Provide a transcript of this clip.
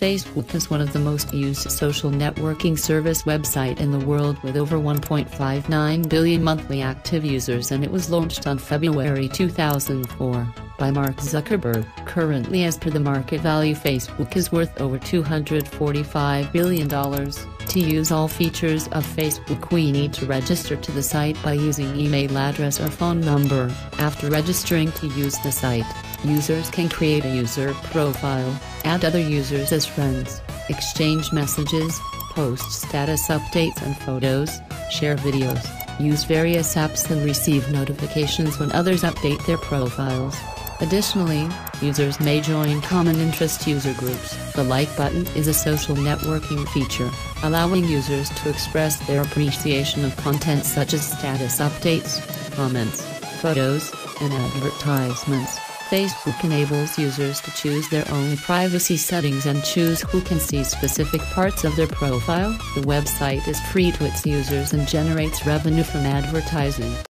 Facebook is one of the most used social networking service website in the world with over 1.59 billion monthly active users and it was launched on February 2004 by Mark Zuckerberg. Currently as per the market value Facebook is worth over $245 billion. To use all features of Facebook we need to register to the site by using email address or phone number, after registering to use the site Users can create a user profile, add other users as friends, exchange messages, post status updates and photos, share videos, use various apps and receive notifications when others update their profiles. Additionally, users may join common interest user groups. The like button is a social networking feature, allowing users to express their appreciation of content such as status updates, comments, photos, and advertisements. Facebook enables users to choose their own privacy settings and choose who can see specific parts of their profile. The website is free to its users and generates revenue from advertising.